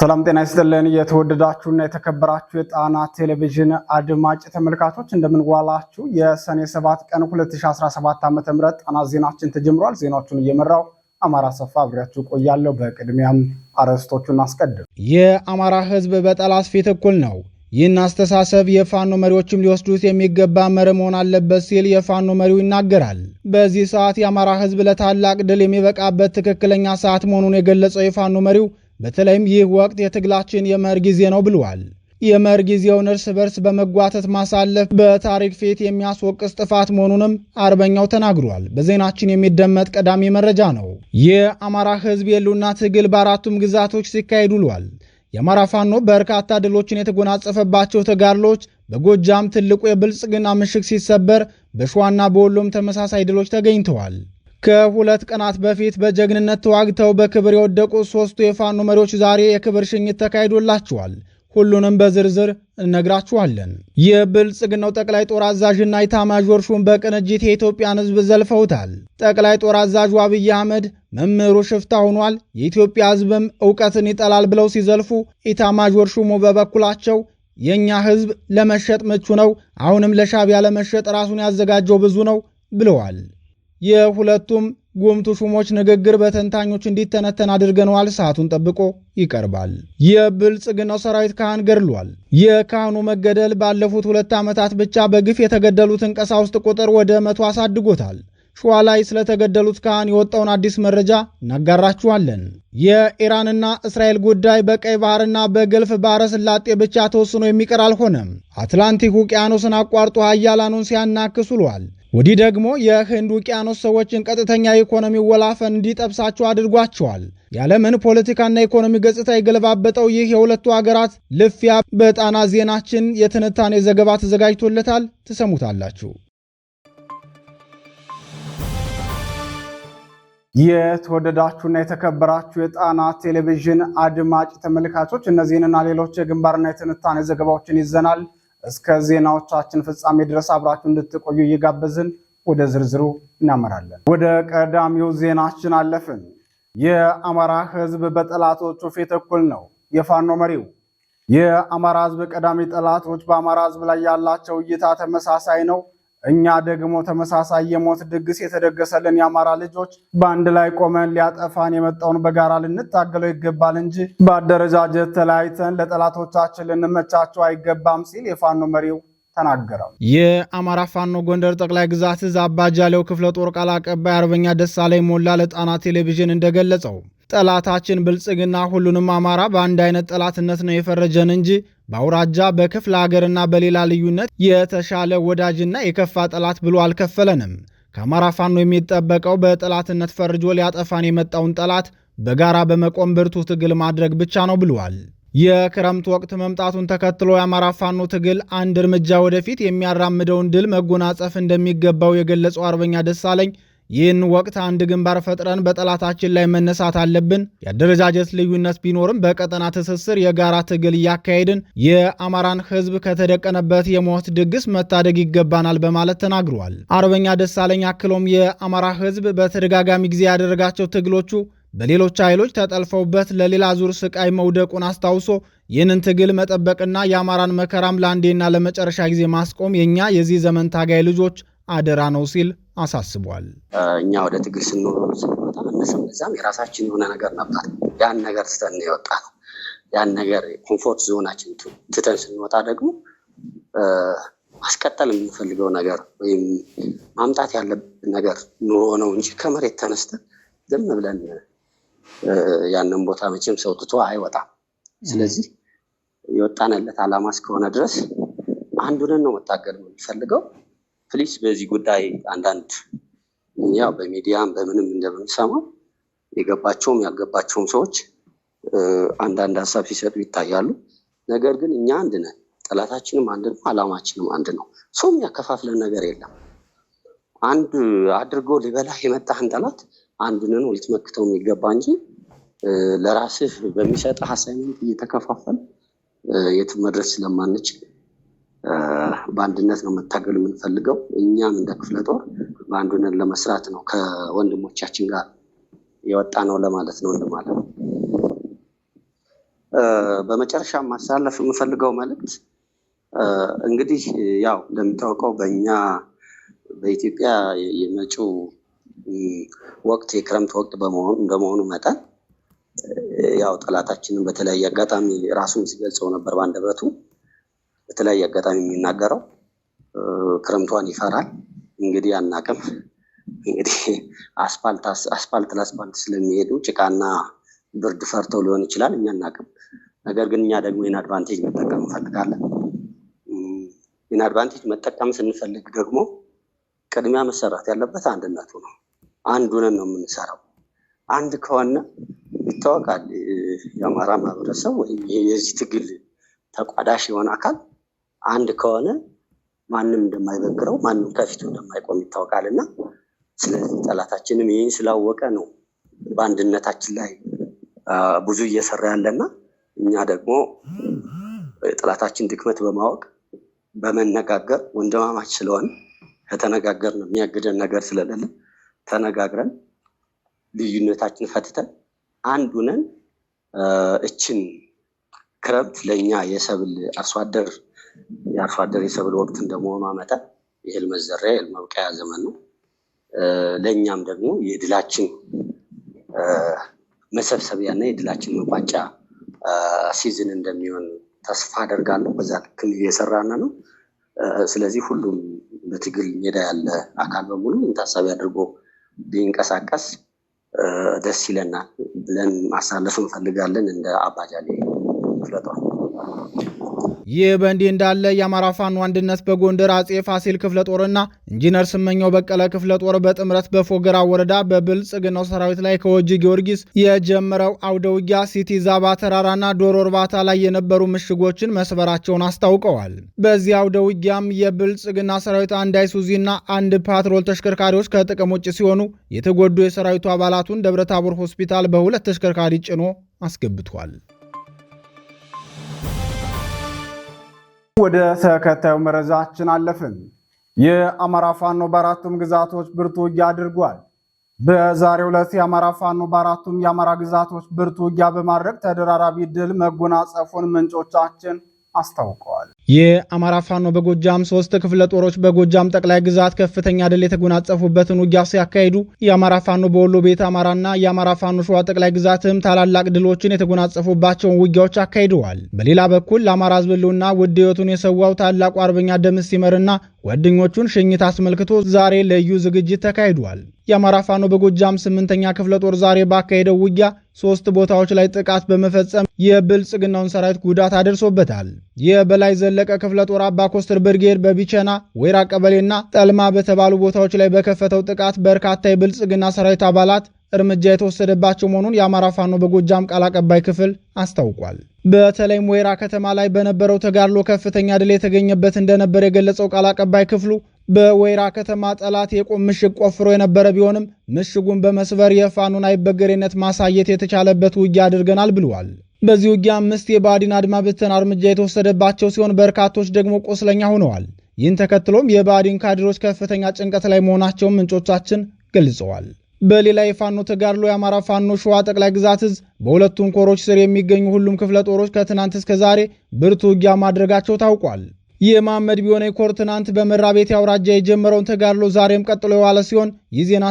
ሰላም ጤና ይስጥልን። የተወደዳችሁና የተከበራችሁ የጣና ቴሌቪዥን አድማጭ ተመልካቾች እንደምንዋላችሁ። የሰኔ 7 ቀን 2017 ም ጣና ዜናችን ተጀምሯል። ዜናዎቹን እየመራው አማራ ሰፋ አብሬያችሁ ቆያለሁ። በቅድሚያም አርዕስቶቹን አስቀድም። የአማራ ህዝብ በጠላት ፊት እኩል ነው። ይህን አስተሳሰብ የፋኖ መሪዎችም ሊወስዱት የሚገባ መር መሆን አለበት ሲል የፋኖ መሪው ይናገራል። በዚህ ሰዓት የአማራ ህዝብ ለታላቅ ድል የሚበቃበት ትክክለኛ ሰዓት መሆኑን የገለጸው የፋኖ መሪው በተለይም ይህ ወቅት የትግላችን የመር ጊዜ ነው ብለዋል። የመር ጊዜውን እርስ በርስ በመጓተት ማሳለፍ በታሪክ ፊት የሚያስወቅስ ጥፋት መሆኑንም አርበኛው ተናግሯል። በዜናችን የሚደመጥ ቀዳሚ መረጃ ነው። የአማራ ሕዝብ የሉና ትግል በአራቱም ግዛቶች ሲካሄድ ውሏል። የአማራ ፋኖ በርካታ ድሎችን የተጎናጸፈባቸው ተጋድሎች በጎጃም ትልቁ የብልጽግና ምሽግ ሲሰበር፣ በሸዋና በወሎም ተመሳሳይ ድሎች ተገኝተዋል። ከሁለት ቀናት በፊት በጀግንነት ተዋግተው በክብር የወደቁ ሶስቱ የፋኖ መሪዎች ዛሬ የክብር ሽኝት ተካሂዶላቸዋል። ሁሉንም በዝርዝር እነግራችኋለን። የብልጽግናው ጠቅላይ ጦር አዛዥና ኢታማዦር ሹም በቅንጅት የኢትዮጵያን ሕዝብ ዘልፈውታል። ጠቅላይ ጦር አዛዡ አብይ አህመድ መምህሩ ሽፍታ ሆኗል፣ የኢትዮጵያ ሕዝብም እውቀትን ይጠላል ብለው ሲዘልፉ፣ ኢታማዦር ሹሙ በበኩላቸው የእኛ ሕዝብ ለመሸጥ ምቹ ነው፣ አሁንም ለሻቢያ ለመሸጥ ራሱን ያዘጋጀው ብዙ ነው ብለዋል። የሁለቱም ጉምቱ ሹሞች ንግግር በተንታኞች እንዲተነተን አድርገነዋል። ሰዓቱን ጠብቆ ይቀርባል። የብልጽግናው ሰራዊት ካህን ገድሏል። የካህኑ መገደል ባለፉት ሁለት ዓመታት ብቻ በግፍ የተገደሉትን ቀሳውስት ቁጥር ወደ መቶ አሳድጎታል። ሸዋ ላይ ስለተገደሉት ካህን የወጣውን አዲስ መረጃ እናጋራችኋለን። የኢራንና እስራኤል ጉዳይ በቀይ ባህርና በገልፍ ባህረ ስላጤ ብቻ ተወስኖ የሚቀር አልሆነም። አትላንቲክ ውቅያኖስን አቋርጦ ሀያላኑን ሲያናክስ ውሏል። ወዲህ ደግሞ የህንድ ውቅያኖስ ሰዎችን ቀጥተኛ የኢኮኖሚ ወላፈን እንዲጠብሳቸው አድርጓቸዋል። የዓለምን ፖለቲካና ኢኮኖሚ ገጽታ የገለባበጠው ይህ የሁለቱ አገራት ልፊያ በጣና ዜናችን የትንታኔ ዘገባ ተዘጋጅቶለታል። ትሰሙታላችሁ። የተወደዳችሁና የተከበራችሁ የጣና ቴሌቪዥን አድማጭ ተመልካቾች፣ እነዚህንና ሌሎች የግንባርና የትንታኔ ዘገባዎችን ይዘናል። እስከ ዜናዎቻችን ፍጻሜ ድረስ አብራችሁ እንድትቆዩ እየጋበዝን ወደ ዝርዝሩ እናመራለን። ወደ ቀዳሚው ዜናችን አለፍን። የአማራ ህዝብ በጠላቶቹ ፊት እኩል ነው። የፋኖ መሪው የአማራ ህዝብ ቀዳሚ ጠላቶች በአማራ ህዝብ ላይ ያላቸው እይታ ተመሳሳይ ነው። እኛ ደግሞ ተመሳሳይ የሞት ድግስ የተደገሰልን የአማራ ልጆች በአንድ ላይ ቆመን ሊያጠፋን የመጣውን በጋራ ልንታገለው ይገባል እንጂ በአደረጃጀት ተለያይተን ለጠላቶቻችን ልንመቻቸው አይገባም ሲል የፋኖ መሪው ተናገረው። የአማራ ፋኖ ጎንደር ጠቅላይ ግዛት እዝ አባጃሌው ክፍለ ጦር ቃል አቀባይ አርበኛ ደሳላይ ሞላ ለጣና ቴሌቪዥን እንደገለጸው ጠላታችን ብልጽግና ሁሉንም አማራ በአንድ አይነት ጠላትነት ነው የፈረጀን እንጂ በአውራጃ በክፍለ ሀገርና በሌላ ልዩነት የተሻለ ወዳጅና የከፋ ጠላት ብሎ አልከፈለንም። ከአማራ ፋኖ የሚጠበቀው በጠላትነት ፈርጆ ሊያጠፋን የመጣውን ጠላት በጋራ በመቆም ብርቱ ትግል ማድረግ ብቻ ነው ብለዋል። የክረምት ወቅት መምጣቱን ተከትሎ የአማራ ፋኖ ትግል አንድ እርምጃ ወደፊት የሚያራምደውን ድል መጎናጸፍ እንደሚገባው የገለጸው አርበኛ ደሳለኝ ይህን ወቅት አንድ ግንባር ፈጥረን በጠላታችን ላይ መነሳት አለብን። የአደረጃጀት ልዩነት ቢኖርም በቀጠና ትስስር የጋራ ትግል እያካሄድን የአማራን ሕዝብ ከተደቀነበት የሞት ድግስ መታደግ ይገባናል በማለት ተናግረዋል። አርበኛ ደሳለኝ አክሎም የአማራ ሕዝብ በተደጋጋሚ ጊዜ ያደረጋቸው ትግሎቹ በሌሎች ኃይሎች ተጠልፈውበት ለሌላ ዙር ስቃይ መውደቁን አስታውሶ ይህንን ትግል መጠበቅና የአማራን መከራም ለአንዴና ለመጨረሻ ጊዜ ማስቆም የእኛ የዚህ ዘመን ታጋይ ልጆች አደራ ነው ሲል አሳስቧል። እኛ ወደ ትግል ስንኖር ስንወጣ እነሱም እዛም የራሳችን የሆነ ነገር ነበር። ያን ነገር ትተን የወጣ ነው። ያን ነገር ኮምፎርት ዞናችን ትተን ስንወጣ ደግሞ ማስቀጠል የምንፈልገው ነገር ወይም ማምጣት ያለብን ነገር ኑሮ ነው እንጂ ከመሬት ተነስተን ዝም ብለን ያንን ቦታ መቼም ሰው ትቶ አይወጣም። ስለዚህ የወጣንለት ዓላማ እስከሆነ ድረስ አንዱንን ነው መታገል የምንፈልገው። ፕሊስ በዚህ ጉዳይ አንዳንድ እኛ በሚዲያም በምንም እንደምንሰማው የገባቸውም ያገባቸውም ሰዎች አንዳንድ ሀሳብ ሲሰጡ ይታያሉ። ነገር ግን እኛ አንድ ነን፣ ጠላታችንም አንድ ነው፣ አላማችንም አንድ ነው። ሰው የሚያከፋፍለን ነገር የለም። አንድ አድርጎ ሊበላህ የመጣህን ጠላት አንዱን ልትመክተው የሚገባ እንጂ ለራስህ በሚሰጥ ሀሳብ እየተከፋፈል የትም መድረስ ስለማንችል በአንድነት ነው መታገል የምንፈልገው። እኛም እንደ ክፍለ ጦር በአንድ ለመስራት ነው ከወንድሞቻችን ጋር የወጣ ነው ለማለት ነው እንደማለት ነው። በመጨረሻ ማስተላለፍ የምፈልገው መልእክት እንግዲህ ያው እንደሚታወቀው በእኛ በኢትዮጵያ የመጪው ወቅት የክረምት ወቅት እንደመሆኑ መጠን ያው ጠላታችንን በተለያየ አጋጣሚ ራሱን ሲገልጸው ነበር በአንደበቱ በተለያየ አጋጣሚ የሚናገረው ክረምቷን ይፈራል። እንግዲህ አናቅም እንግዲህ አስፋልት ለአስፋልት ስለሚሄዱ ጭቃና ብርድ ፈርተው ሊሆን ይችላል። እኛ አናቅም። ነገር ግን እኛ ደግሞ ይህን አድቫንቴጅ መጠቀም እንፈልጋለን። ይህን አድቫንቴጅ መጠቀም ስንፈልግ ደግሞ ቅድሚያ መሰራት ያለበት አንድነቱ ነው። አንዱንን ነው የምንሰራው። አንድ ከሆነ ይታወቃል። የአማራ ማህበረሰብ ወይም የዚህ ትግል ተቋዳሽ የሆነ አካል አንድ ከሆነ ማንም እንደማይበግረው ማንም ከፊቱ እንደማይቆም ይታወቃል እና ስለዚህ ጠላታችንም ይህን ስላወቀ ነው በአንድነታችን ላይ ብዙ እየሰራ ያለና እኛ ደግሞ የጠላታችን ድክመት በማወቅ በመነጋገር ወንድማማች ስለሆን ከተነጋገር ነው የሚያግደን ነገር ስለሌለ ተነጋግረን ልዩነታችን ፈትተን አንዱ ነን እችን ክረምት ለእኛ የሰብል አርሶ አደር የአርሶ አደር የሰብል ወቅት እንደመሆኗ መጠን የእህል መዘሪያ የእህል መብቀያ ዘመን ነው። ለእኛም ደግሞ የድላችን መሰብሰቢያና የድላችን መቋጫ ሲዝን እንደሚሆን ተስፋ አደርጋለሁ። በዛ ልክም እየሰራን ነው። ስለዚህ ሁሉም በትግል ሜዳ ያለ አካል በሙሉ ታሳቢ አድርጎ ቢንቀሳቀስ ደስ ይለናል ብለን ማሳለፍ እንፈልጋለን እንደ አባጃሌ ክፍለ ይህ በእንዲህ እንዳለ የአማራ ፋኖ አንድነት በጎንደር አጼ ፋሲል ክፍለ ጦርና ኢንጂነር ስመኛው በቀለ ክፍለ ጦር በጥምረት በፎገራ ወረዳ በብልጽግናው ሰራዊት ላይ ከወጂ ጊዮርጊስ የጀመረው አውደውጊያ ሲቲ ዛባ ተራራና ዶሮ እርባታ ላይ የነበሩ ምሽጎችን መስበራቸውን አስታውቀዋል። በዚህ አውደውጊያም የብልጽግና ሰራዊት አንድ አይሱዚና አንድ ፓትሮል ተሽከርካሪዎች ከጥቅም ውጭ ሲሆኑ የተጎዱ የሰራዊቱ አባላቱን ደብረታቦር ሆስፒታል በሁለት ተሽከርካሪ ጭኖ አስገብቷል። ወደ ተከታዩ መረጃችን አለፍን። የአማራ ፋኖ በአራቱም ግዛቶች ብርቱ ውጊያ አድርጓል። በዛሬው ዕለት የአማራ ፋኖ በአራቱም የአማራ ግዛቶች ብርቱ ውጊያ በማድረግ ተደራራቢ ድል መጎናጸፉን ምንጮቻችን አስታውቀዋል። የአማራ ፋኖ በጎጃም ሶስት ክፍለ ጦሮች በጎጃም ጠቅላይ ግዛት ከፍተኛ ድል የተጎናጸፉበትን ውጊያ ሲያካሂዱ የአማራ ፋኖ በወሎ ቤት አማራና የአማራ ፋኖ ሸዋ ጠቅላይ ግዛትም ታላላቅ ድሎችን የተጎናጸፉባቸውን ውጊያዎች አካሂደዋል። በሌላ በኩል ለአማራ ሕዝብ ሕልውና ውድ የሰዋው ታላቁ አርበኛ ደምስ ሲመርና ጓደኞቹን ሽኝት አስመልክቶ ዛሬ ልዩ ዝግጅት ተካሂዷል። የአማራ ፋኖ በጎጃም ስምንተኛ ክፍለ ጦር ዛሬ ባካሄደው ውጊያ ሶስት ቦታዎች ላይ ጥቃት በመፈጸም የብልጽግናውን ሰራዊት ጉዳት አደርሶበታል። የበላይ ዘ ዘለቀ ክፍለ ጦር አባ ኮስትር ብርጌድ በቢቸና ወይራ ቀበሌና ጠልማ በተባሉ ቦታዎች ላይ በከፈተው ጥቃት በርካታ የብልጽግና ሰራዊት አባላት እርምጃ የተወሰደባቸው መሆኑን የአማራ ፋኖ በጎጃም ቃል አቀባይ ክፍል አስታውቋል። በተለይም ወይራ ከተማ ላይ በነበረው ተጋድሎ ከፍተኛ ድል የተገኘበት እንደነበር የገለጸው ቃል አቀባይ ክፍሉ በወይራ ከተማ ጠላት የቁም ምሽግ ቆፍሮ የነበረ ቢሆንም ምሽጉን በመስበር የፋኑን አይበገሬነት ማሳየት የተቻለበት ውጊያ አድርገናል ብለዋል። በዚህ ውጊያ አምስት የባዲን አድማ ብተና እርምጃ የተወሰደባቸው ሲሆን በርካቶች ደግሞ ቆስለኛ ሆነዋል። ይህን ተከትሎም የባዲን ካድሮች ከፍተኛ ጭንቀት ላይ መሆናቸውን ምንጮቻችን ገልጸዋል። በሌላ የፋኖ ተጋድሎ የአማራ ፋኖ ሸዋ ጠቅላይ ግዛት እዝ በሁለቱም ኮሮች ስር የሚገኙ ሁሉም ክፍለ ጦሮች ከትናንት እስከ ዛሬ ብርቱ ውጊያ ማድረጋቸው ታውቋል። የመሐመድ ቢሆነ ኮር ትናንት ቤት አውራጃ የጀመረውን ተጋድሎ ዛሬም ቀጥሎ የዋለ ሲሆን ይህ ዜና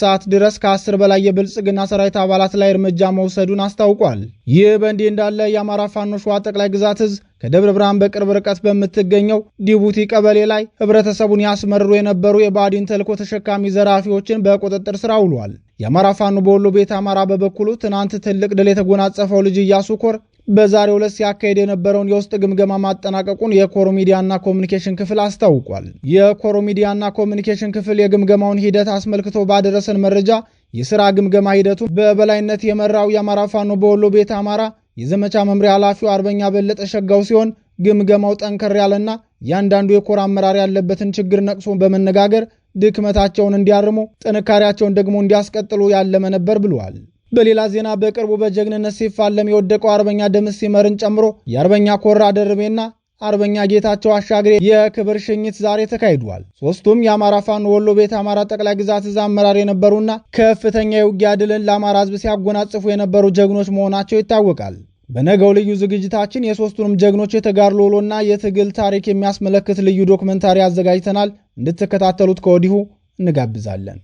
ሰዓት ድረስ ከአስር በላይ የብልጽግና ሰራዊት አባላት ላይ እርምጃ መውሰዱን አስታውቋል። ይህ በእንዲህ እንዳለ የአማራ ፋኖ ሸዋ ጠቅላይ ግዛት እዝ ከደብረ ብርሃን በቅርብ ርቀት በምትገኘው ዲቡቲ ቀበሌ ላይ ህብረተሰቡን ያስመርሩ የነበሩ የባዲን ተልኮ ተሸካሚ ዘራፊዎችን በቁጥጥር ስር አውሏል። የአማራ ፋኖ በወሎ ቤት አማራ በበኩሉ ትናንት ትልቅ ድል የተጎናጸፈው ልጅ እያሱ ኮር በዛሬው ዕለት ሲያካሄድ የነበረውን የውስጥ ግምገማ ማጠናቀቁን የኮሮ ሚዲያና ኮሚኒኬሽን ክፍል አስታውቋል። የኮሮ ሚዲያና ኮሚኒኬሽን ክፍል የግምገማውን ሂደት አስመልክቶ ባደረሰን መረጃ የስራ ግምገማ ሂደቱን በበላይነት የመራው የአማራ ፋኖ በወሎ ቤት አማራ የዘመቻ መምሪያ ኃላፊው አርበኛ በለጠ ሸጋው ሲሆን ግምገማው ጠንከር ያለና እያንዳንዱ የኮር አመራር ያለበትን ችግር ነቅሶ በመነጋገር ድክመታቸውን እንዲያርሙ ጥንካሬያቸውን ደግሞ እንዲያስቀጥሉ ያለመ ነበር ብለዋል። በሌላ ዜና በቅርቡ በጀግንነት ሲፋለም የወደቀው አርበኛ ደምስ ሲመርን ጨምሮ የአርበኛ ኮራ ደርቤና አርበኛ ጌታቸው አሻግሬ የክብር ሽኝት ዛሬ ተካሂዷል። ሶስቱም የአማራ ፋኖ ወሎ ቤት አማራ ጠቅላይ ግዛት እዝ አመራር የነበሩና ከፍተኛ የውጊያ ድልን ለአማራ ሕዝብ ሲያጎናጽፉ የነበሩ ጀግኖች መሆናቸው ይታወቃል። በነገው ልዩ ዝግጅታችን የሶስቱንም ጀግኖች የተጋድሎ ውሎና የትግል ታሪክ የሚያስመለክት ልዩ ዶክመንታሪ አዘጋጅተናል። እንድትከታተሉት ከወዲሁ እንጋብዛለን።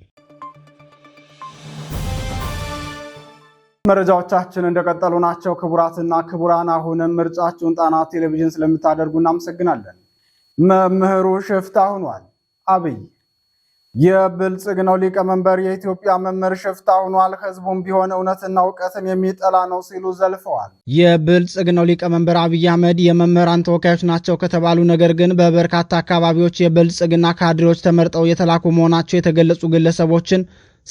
መረጃዎቻችን እንደቀጠሉ ናቸው። ክቡራትና ክቡራን፣ አሁንም ምርጫችሁን ጣና ቴሌቪዥን ስለምታደርጉ እናመሰግናለን። መምህሩ ሽፍታ ሆኗል። አብይ የብልጽግናው ሊቀመንበር የኢትዮጵያ መምህር ሽፍታ ሆኗል፣ ህዝቡም ቢሆን እውነትና እውቀትን የሚጠላ ነው ሲሉ ዘልፈዋል። የብልጽግናው ሊቀመንበር አብይ አህመድ የመምህራን ተወካዮች ናቸው ከተባሉ ነገር ግን በበርካታ አካባቢዎች የብልጽግና ካድሬዎች ተመርጠው የተላኩ መሆናቸው የተገለጹ ግለሰቦችን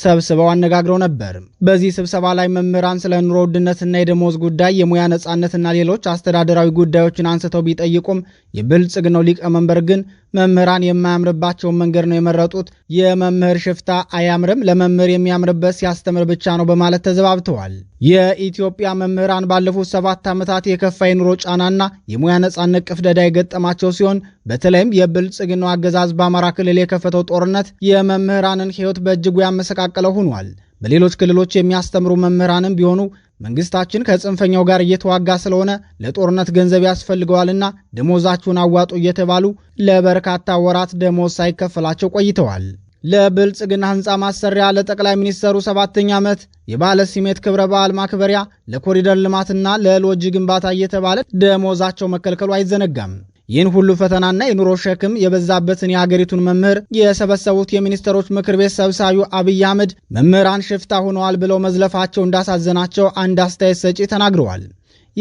ሰብስበው አነጋግረው ነበር። በዚህ ስብሰባ ላይ መምህራን ስለ ኑሮ ውድነትና የደሞዝ ጉዳይ፣ የሙያ ነጻነትና ሌሎች አስተዳደራዊ ጉዳዮችን አንስተው ቢጠይቁም የብልጽግናው ሊቀመንበር ግን መምህራን የማያምርባቸውን መንገድ ነው የመረጡት። የመምህር ሽፍታ አያምርም፣ ለመምህር የሚያምርበት ሲያስተምር ብቻ ነው በማለት ተዘባብተዋል። የኢትዮጵያ መምህራን ባለፉት ሰባት ዓመታት የከፋ የኑሮ ጫናና የሙያ ነጻነት ቅፍደዳ የገጠማቸው ሲሆን በተለይም የብልጽግናው አገዛዝ በአማራ ክልል የከፈተው ጦርነት የመምህራንን ሕይወት በእጅጉ ያመሰቃቀለው ሆኗል። በሌሎች ክልሎች የሚያስተምሩ መምህራንም ቢሆኑ መንግስታችን ከጽንፈኛው ጋር እየተዋጋ ስለሆነ ለጦርነት ገንዘብ ያስፈልገዋልና ደሞዛችሁን አዋጡ እየተባሉ ለበርካታ ወራት ደሞዝ ሳይከፈላቸው ቆይተዋል። ለብልጽግና ህንፃ ማሰሪያ ለጠቅላይ ሚኒስትሩ ሰባተኛ ዓመት የባለ ሲሜት ክብረ በዓል ማክበሪያ ለኮሪደር ልማትና ለሎጅ ግንባታ እየተባለ ደሞዛቸው መከልከሉ አይዘነጋም። ይህን ሁሉ ፈተናና የኑሮ ሸክም የበዛበትን የአገሪቱን መምህር የሰበሰቡት የሚኒስትሮች ምክር ቤት ሰብሳቢው አብይ አህመድ መምህራን ሽፍታ ሆነዋል ብለው መዝለፋቸው እንዳሳዘናቸው አንድ አስተያየት ሰጪ ተናግረዋል።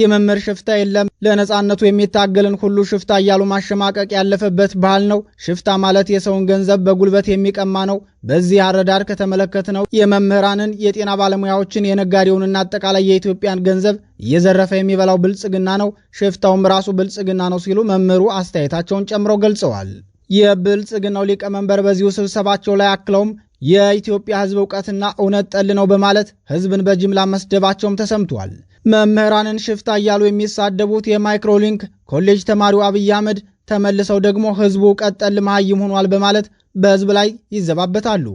የመምህር ሽፍታ የለም፣ ለነጻነቱ የሚታገልን ሁሉ ሽፍታ እያሉ ማሸማቀቅ ያለፈበት ባህል ነው። ሽፍታ ማለት የሰውን ገንዘብ በጉልበት የሚቀማ ነው። በዚህ አረዳድ ከተመለከትነው የመምህራንን፣ የጤና ባለሙያዎችን፣ የነጋዴውንና አጠቃላይ የኢትዮጵያን ገንዘብ እየዘረፈ የሚበላው ብልጽግና ነው። ሽፍታውም ራሱ ብልጽግና ነው ሲሉ መምህሩ አስተያየታቸውን ጨምረው ገልጸዋል። የብልጽግናው ሊቀመንበር በዚሁ ስብሰባቸው ላይ አክለውም የኢትዮጵያ ሕዝብ እውቀትና እውነት ጠል ነው በማለት ሕዝብን በጅምላ መስደባቸውም ተሰምቷል። መምህራንን ሽፍታ እያሉ የሚሳደቡት የማይክሮሊንክ ኮሌጅ ተማሪው አብይ አህመድ ተመልሰው ደግሞ ህዝቡ ቀጠል መሀይም ሆኗል በማለት በህዝብ ላይ ይዘባበታሉ።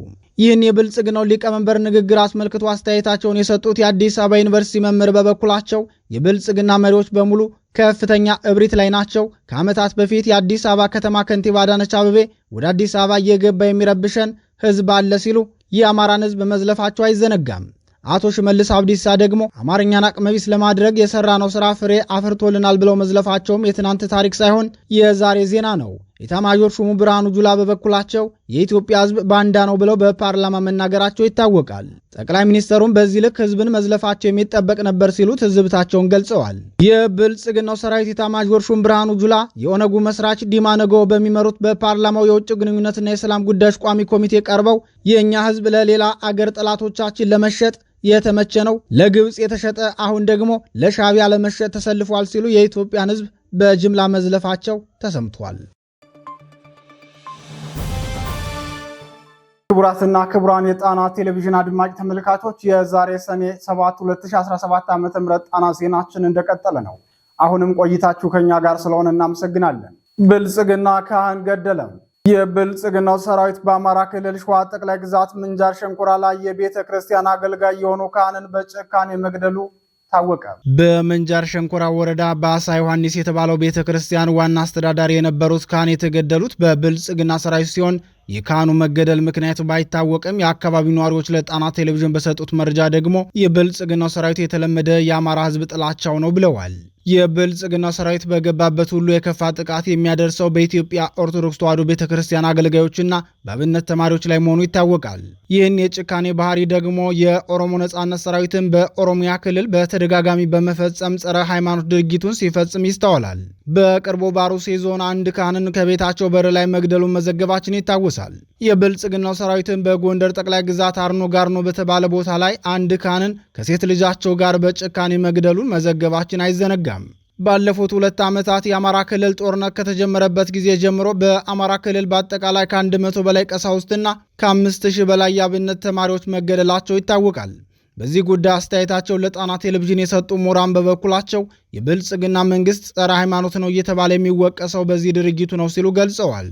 ይህን የብልጽግናው ሊቀመንበር ንግግር አስመልክቶ አስተያየታቸውን የሰጡት የአዲስ አበባ ዩኒቨርሲቲ መምህር በበኩላቸው የብልጽግና መሪዎች በሙሉ ከፍተኛ እብሪት ላይ ናቸው። ከዓመታት በፊት የአዲስ አበባ ከተማ ከንቲባ አዳነች አበቤ ወደ አዲስ አበባ እየገባ የሚረብሸን ህዝብ አለ ሲሉ የአማራን ህዝብ መዝለፋቸው አይዘነጋም። አቶ ሽመልስ አብዲሳ ደግሞ አማርኛን አቅመቢስ ለማድረግ የሰራነው ስራ ፍሬ አፍርቶልናል ብለው መዝለፋቸውም የትናንት ታሪክ ሳይሆን የዛሬ ዜና ነው። ኢታማዦር ሹሙ ብርሃኑ ጁላ በበኩላቸው የኢትዮጵያ ሕዝብ ባንዳ ነው ብለው በፓርላማ መናገራቸው ይታወቃል። ጠቅላይ ሚኒስትሩም በዚህ ልክ ሕዝብን መዝለፋቸው የሚጠበቅ ነበር ሲሉ ትዝብታቸውን ገልጸዋል። የብልጽግናው ሰራዊት ኢታማዦር ሹም ብርሃኑ ጁላ የኦነጉ መስራች ዲማ ነገዎ በሚመሩት በፓርላማው የውጭ ግንኙነትና የሰላም ጉዳዮች ቋሚ ኮሚቴ ቀርበው የእኛ ሕዝብ ለሌላ አገር ጠላቶቻችን ለመሸጥ የተመቸ ነው። ለግብፅ የተሸጠ አሁን ደግሞ ለሻቢያ ለመሸጥ ተሰልፏል ሲሉ የኢትዮጵያን ሕዝብ በጅምላ መዝለፋቸው ተሰምቷል። ክቡራትና ክቡራን የጣና ቴሌቪዥን አድማጭ ተመልካቾች የዛሬ ሰኔ 7 2017 ዓ ም ጣና ዜናችን እንደቀጠለ ነው። አሁንም ቆይታችሁ ከኛ ጋር ስለሆነ እናመሰግናለን። ብልጽግና ካህን ገደለም። የብልጽግናው ሰራዊት በአማራ ክልል ሸዋ ጠቅላይ ግዛት ምንጃር ሸንኮራ ላይ የቤተ ክርስቲያን አገልጋይ የሆኑ ካህንን በጭካኔ መግደሉ ታወቀ። በምንጃር ሸንኮራ ወረዳ በአሳ ዮሐንስ የተባለው ቤተ ክርስቲያን ዋና አስተዳዳሪ የነበሩት ካህን የተገደሉት በብልጽግና ሰራዊት ሲሆን የካህኑ መገደል ምክንያት ባይታወቅም የአካባቢው ነዋሪዎች ለጣና ቴሌቪዥን በሰጡት መረጃ ደግሞ የብልጽግናው ሰራዊት የተለመደ የአማራ ህዝብ ጥላቻው ነው ብለዋል። የብልጽግና ሰራዊት በገባበት ሁሉ የከፋ ጥቃት የሚያደርሰው በኢትዮጵያ ኦርቶዶክስ ተዋሕዶ ቤተ ክርስቲያን አገልጋዮችና በአብነት ተማሪዎች ላይ መሆኑ ይታወቃል። ይህን የጭካኔ ባህሪ ደግሞ የኦሮሞ ነጻነት ሰራዊትን በኦሮሚያ ክልል በተደጋጋሚ በመፈጸም ጸረ ሃይማኖት ድርጊቱን ሲፈጽም ይስተዋላል። በቅርቡ ባሩሴ ዞን አንድ ካህንን ከቤታቸው በር ላይ መግደሉን መዘገባችን ይታወሳል። ይታወሳል። የብልጽግናው ሰራዊትን በጎንደር ጠቅላይ ግዛት አርኖ ጋርኖ በተባለ ቦታ ላይ አንድ ካህንን ከሴት ልጃቸው ጋር በጭካኔ መግደሉን መዘገባችን አይዘነጋም። ባለፉት ሁለት ዓመታት የአማራ ክልል ጦርነት ከተጀመረበት ጊዜ ጀምሮ በአማራ ክልል በአጠቃላይ ከአንድ መቶ በላይ ቀሳውስትና ከአምስት ሺህ በላይ የአብነት ተማሪዎች መገደላቸው ይታወቃል። በዚህ ጉዳይ አስተያየታቸውን ለጣና ቴሌቪዥን የሰጡ ሞራን በበኩላቸው የብልጽግና መንግስት ጸረ ሃይማኖት ነው እየተባለ የሚወቀሰው በዚህ ድርጊቱ ነው ሲሉ ገልጸዋል።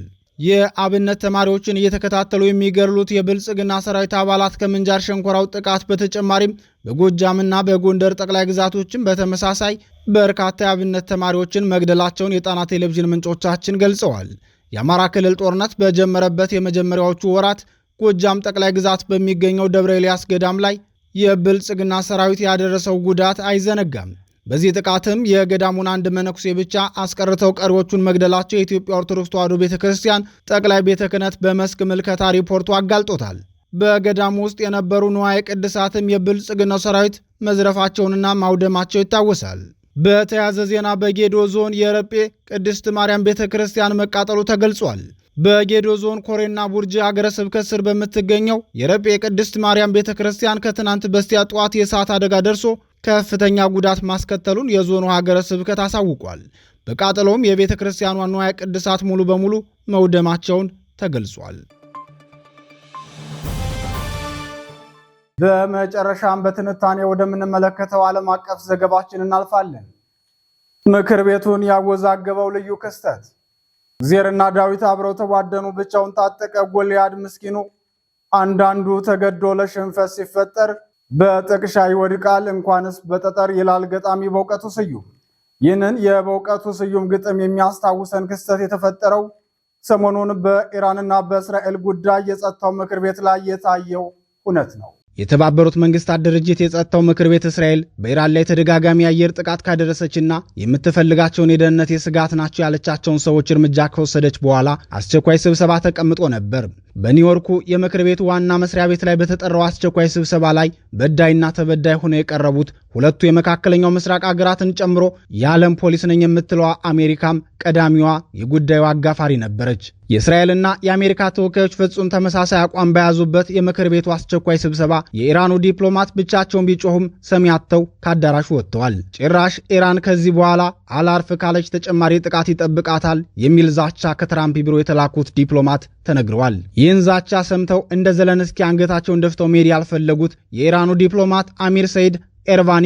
የአብነት ተማሪዎችን እየተከታተሉ የሚገድሉት የብልጽግና ሰራዊት አባላት ከምንጃር ሸንኮራው ጥቃት በተጨማሪም በጎጃምና በጎንደር ጠቅላይ ግዛቶችን በተመሳሳይ በርካታ የአብነት ተማሪዎችን መግደላቸውን የጣና ቴሌቪዥን ምንጮቻችን ገልጸዋል። የአማራ ክልል ጦርነት በጀመረበት የመጀመሪያዎቹ ወራት ጎጃም ጠቅላይ ግዛት በሚገኘው ደብረ ኤልያስ ገዳም ላይ የብልጽግና ሰራዊት ያደረሰው ጉዳት አይዘነጋም። በዚህ ጥቃትም የገዳሙን አንድ መነኩሴ ብቻ አስቀርተው ቀሪዎቹን መግደላቸው የኢትዮጵያ ኦርቶዶክስ ተዋሕዶ ቤተ ክርስቲያን ጠቅላይ ቤተ ክህነት በመስክ ምልከታ ሪፖርቱ አጋልጦታል። በገዳሙ ውስጥ የነበሩ ንዋየ ቅድሳትም የብልጽግናው ሰራዊት መዝረፋቸውንና ማውደማቸው ይታወሳል። በተያዘ ዜና በጌዶ ዞን የረጴ ቅድስት ማርያም ቤተ ክርስቲያን መቃጠሉ ተገልጿል። በጌዶ ዞን ኮሬና ቡርጅ አገረ ስብከት ስር በምትገኘው የረጴ ቅድስት ማርያም ቤተ ክርስቲያን ከትናንት በስቲያ ጠዋት የእሳት አደጋ ደርሶ ከፍተኛ ጉዳት ማስከተሉን የዞኑ ሀገረ ስብከት አሳውቋል። በቃጠሎም የቤተ ክርስቲያኗ ንዋየ ቅድሳት ሙሉ በሙሉ መውደማቸውን ተገልጿል። በመጨረሻም በትንታኔ ወደምንመለከተው ዓለም አቀፍ ዘገባችን እናልፋለን። ምክር ቤቱን ያወዛገበው ልዩ ክስተት እግዜርና ዳዊት አብረው ተቧደኑ፣ ብቻውን ታጠቀ ጎልያድ ምስኪኑ፣ አንዳንዱ ተገዶ ለሽንፈት ሲፈጠር በጥቅሻ ይወድቃል እንኳንስ በጠጠር ይላል ገጣሚ በእውቀቱ ስዩም። ይህንን የበእውቀቱ ስዩም ግጥም የሚያስታውሰን ክስተት የተፈጠረው ሰሞኑን በኢራንና በእስራኤል ጉዳይ የጸጥታው ምክር ቤት ላይ የታየው እውነት ነው። የተባበሩት መንግስታት ድርጅት የጸጥታው ምክር ቤት እስራኤል በኢራን ላይ ተደጋጋሚ የአየር ጥቃት ካደረሰችና የምትፈልጋቸውን የደህንነት የስጋት ናቸው ያለቻቸውን ሰዎች እርምጃ ከወሰደች በኋላ አስቸኳይ ስብሰባ ተቀምጦ ነበር። በኒውዮርኩ የምክር ቤቱ ዋና መስሪያ ቤት ላይ በተጠራው አስቸኳይ ስብሰባ ላይ በዳይና ተበዳይ ሆነው የቀረቡት ሁለቱ የመካከለኛው ምስራቅ አገራትን ጨምሮ የዓለም ፖሊስ ነኝ የምትለዋ አሜሪካም ቀዳሚዋ የጉዳዩ አጋፋሪ ነበረች። የእስራኤልና የአሜሪካ ተወካዮች ፍጹም ተመሳሳይ አቋም በያዙበት የምክር ቤቱ አስቸኳይ ስብሰባ የኢራኑ ዲፕሎማት ብቻቸውን ቢጮሁም ሰሚ አጥተው ከአዳራሹ ወጥተዋል። ጭራሽ ኢራን ከዚህ በኋላ አላርፍ ካለች ተጨማሪ ጥቃት ይጠብቃታል የሚል ዛቻ ከትራምፕ ቢሮ የተላኩት ዲፕሎማት ተነግረዋል። ይህን ዛቻ ሰምተው እንደ ዘለንስኪ አንገታቸውን ደፍተው መሄድ ያልፈለጉት የኢራኑ ዲፕሎማት አሚር ሰይድ ኤርቫኒ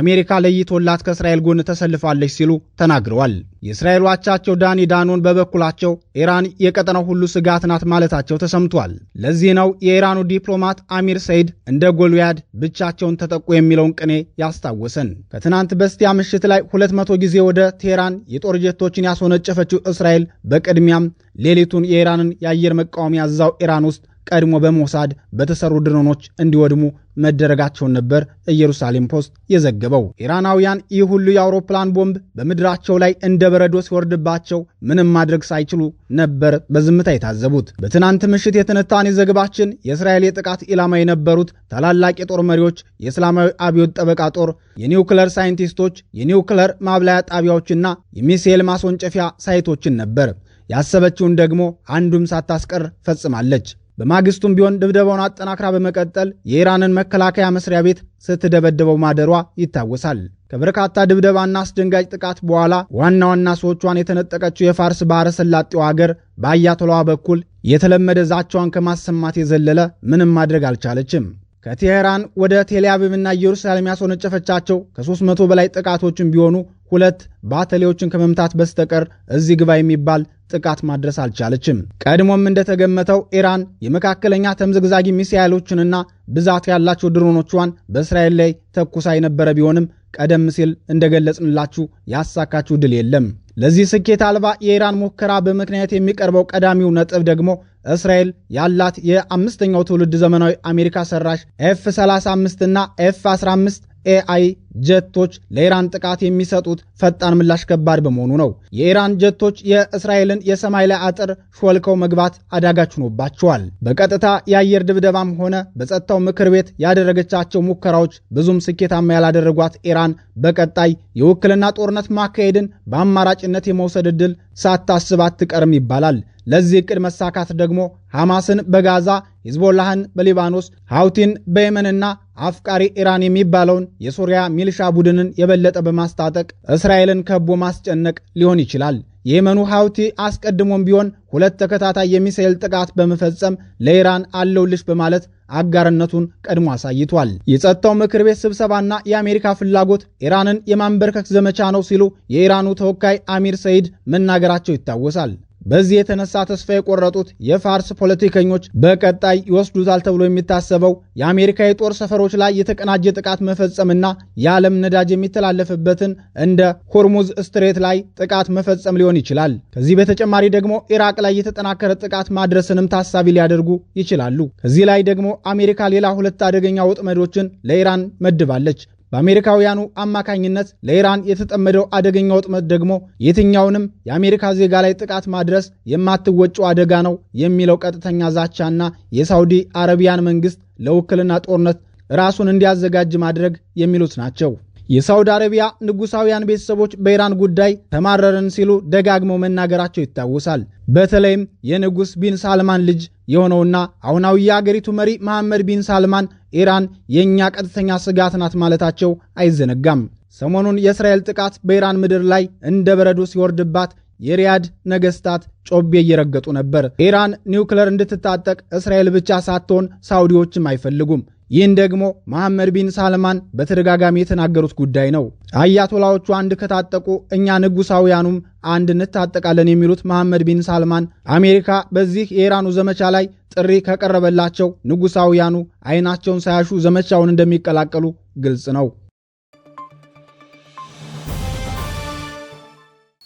አሜሪካ ለይቶላት ከእስራኤል ጎን ተሰልፋለች ሲሉ ተናግረዋል። የእስራኤል አቻቸው ዳኒ ዳኖን በበኩላቸው ኢራን የቀጠናው ሁሉ ስጋት ናት ማለታቸው ተሰምቷል። ለዚህ ነው የኢራኑ ዲፕሎማት አሚር ሰይድ እንደ ጎልያድ ብቻቸውን ተጠቁ የሚለውን ቅኔ ያስታወሰን። ከትናንት በስቲያ ምሽት ላይ 200 ጊዜ ወደ ቴህራን የጦር ጀቶችን ያስወነጨፈችው እስራኤል በቅድሚያም ሌሊቱን የኢራንን የአየር መቃወሚያ እዛው ኢራን ውስጥ ቀድሞ በሞሳድ በተሰሩ ድሮኖች እንዲወድሙ መደረጋቸውን ነበር ኢየሩሳሌም ፖስት የዘገበው። ኢራናውያን ይህ ሁሉ የአውሮፕላን ቦምብ በምድራቸው ላይ እንደ በረዶ ሲወርድባቸው ምንም ማድረግ ሳይችሉ ነበር በዝምታ የታዘቡት። በትናንት ምሽት የትንታኔ ዘገባችን የእስራኤል የጥቃት ኢላማ የነበሩት ታላላቅ የጦር መሪዎች፣ የእስላማዊ አብዮት ጠበቃ ጦር፣ የኒውክለር ሳይንቲስቶች፣ የኒውክለር ማብላያ ጣቢያዎችና የሚሳኤል ማስወንጨፊያ ሳይቶችን ነበር። ያሰበችውን ደግሞ አንዱም ሳታስቀር ፈጽማለች። በማግስቱም ቢሆን ድብደባውን አጠናክራ በመቀጠል የኢራንን መከላከያ መስሪያ ቤት ስትደበደበው ማደሯ ይታወሳል። ከበርካታ ድብደባና አስደንጋጭ ጥቃት በኋላ ዋና ዋና ሰዎቿን የተነጠቀችው የፋርስ ባሕረ ሰላጤው አገር በአያቶላዋ በኩል የተለመደ ዛቻዋን ከማሰማት የዘለለ ምንም ማድረግ አልቻለችም። ከቴሄራን ወደ ቴልአቪቭና ኢየሩሳሌም ያስወነጨፈቻቸው ከ300 በላይ ጥቃቶችን ቢሆኑ ሁለት ባተሌዎችን ከመምታት በስተቀር እዚህ ግባ የሚባል ጥቃት ማድረስ አልቻለችም። ቀድሞም እንደተገመተው ኢራን የመካከለኛ ተምዘግዛጊ ሚሳይሎችንና ብዛት ያላቸው ድሮኖቿን በእስራኤል ላይ ተኩሳ የነበረ ቢሆንም ቀደም ሲል እንደገለጽንላችሁ ያሳካችሁ ድል የለም። ለዚህ ስኬት አልባ የኢራን ሙከራ በምክንያት የሚቀርበው ቀዳሚው ነጥብ ደግሞ እስራኤል ያላት የአምስተኛው ትውልድ ዘመናዊ አሜሪካ ሰራሽ ኤፍ 35 እና ኤፍ 15 ኤአይ ጀቶች ለኢራን ጥቃት የሚሰጡት ፈጣን ምላሽ ከባድ በመሆኑ ነው። የኢራን ጀቶች የእስራኤልን የሰማይ ላይ አጥር ሾልከው መግባት አዳጋች ሆኖባቸዋል። በቀጥታ የአየር ድብደባም ሆነ በጸጥታው ምክር ቤት ያደረገቻቸው ሙከራዎች ብዙም ስኬታማ ያላደረጓት ኢራን በቀጣይ የውክልና ጦርነት ማካሄድን በአማራጭነት የመውሰድ ዕድል ሳታስብ አትቀርም ይባላል። ለዚህ እቅድ መሳካት ደግሞ ሐማስን በጋዛ ሂዝቦላህን በሊባኖስ ሐውቲን በየመንና አፍቃሪ ኢራን የሚባለውን የሱሪያ ሚልሻ ቡድንን የበለጠ በማስታጠቅ እስራኤልን ከቦ ማስጨነቅ ሊሆን ይችላል። የየመኑ ሐውቲ አስቀድሞም ቢሆን ሁለት ተከታታይ የሚሳኤል ጥቃት በመፈጸም ለኢራን አለውልሽ በማለት አጋርነቱን ቀድሞ አሳይቷል። የጸጥታው ምክር ቤት ስብሰባና የአሜሪካ ፍላጎት ኢራንን የማንበርከክ ዘመቻ ነው ሲሉ የኢራኑ ተወካይ አሚር ሰይድ መናገራቸው ይታወሳል። በዚህ የተነሳ ተስፋ የቆረጡት የፋርስ ፖለቲከኞች በቀጣይ ይወስዱታል ተብሎ የሚታሰበው የአሜሪካ የጦር ሰፈሮች ላይ የተቀናጀ ጥቃት መፈጸምና የዓለም ነዳጅ የሚተላለፍበትን እንደ ሆርሙዝ ስትሬት ላይ ጥቃት መፈጸም ሊሆን ይችላል። ከዚህ በተጨማሪ ደግሞ ኢራቅ ላይ የተጠናከረ ጥቃት ማድረስንም ታሳቢ ሊያደርጉ ይችላሉ። ከዚህ ላይ ደግሞ አሜሪካ ሌላ ሁለት አደገኛ ወጥመዶችን ለኢራን መድባለች። በአሜሪካውያኑ አማካኝነት ለኢራን የተጠመደው አደገኛ ወጥመድ ደግሞ የትኛውንም የአሜሪካ ዜጋ ላይ ጥቃት ማድረስ የማትወጩ አደጋ ነው የሚለው ቀጥተኛ ዛቻና የሳውዲ አረቢያን መንግስት ለውክልና ጦርነት ራሱን እንዲያዘጋጅ ማድረግ የሚሉት ናቸው። የሳውዲ አረቢያ ንጉሳውያን ቤተሰቦች በኢራን ጉዳይ ተማረርን ሲሉ ደጋግመው መናገራቸው ይታወሳል። በተለይም የንጉስ ቢን ሳልማን ልጅ የሆነውና አሁናዊ የአገሪቱ መሪ መሐመድ ቢን ሳልማን ኢራን የእኛ ቀጥተኛ ስጋት ናት ማለታቸው አይዘነጋም። ሰሞኑን የእስራኤል ጥቃት በኢራን ምድር ላይ እንደ በረዶ ሲወርድባት የሪያድ ነገስታት ጮቤ እየረገጡ ነበር። ኢራን ኒውክለር እንድትታጠቅ እስራኤል ብቻ ሳትሆን ሳውዲዎችም አይፈልጉም። ይህን ደግሞ መሐመድ ቢን ሳልማን በተደጋጋሚ የተናገሩት ጉዳይ ነው። አያቶላዎቹ አንድ ከታጠቁ እኛ ንጉሳውያኑም አንድ እንታጠቃለን የሚሉት መሐመድ ቢን ሳልማን አሜሪካ በዚህ የኢራኑ ዘመቻ ላይ ጥሪ ከቀረበላቸው ንጉሳውያኑ አይናቸውን ሳያሹ ዘመቻውን እንደሚቀላቀሉ ግልጽ ነው።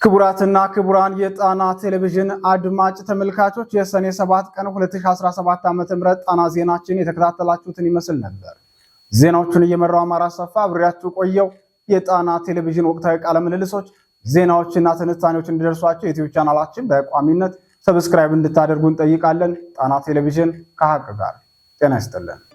ክቡራትና ክቡራን የጣና ቴሌቪዥን አድማጭ ተመልካቾች የሰኔ 7 ቀን 2017 ዓ.ም ጣና ዜናችን የተከታተላችሁትን ይመስል ነበር። ዜናዎቹን እየመራው አማራ ሰፋ አብሬያችሁ ቆየው። የጣና ቴሌቪዥን ወቅታዊ ቃለ ምልልሶች፣ ዜናዎችና ትንታኔዎች እንዲደርሷቸው የዩቲዩብ ቻናላችን በቋሚነት ሰብስክራይብ እንድታደርጉ እንጠይቃለን። ጣና ቴሌቪዥን ከሀቅ ጋር ጤና ይስጥልን።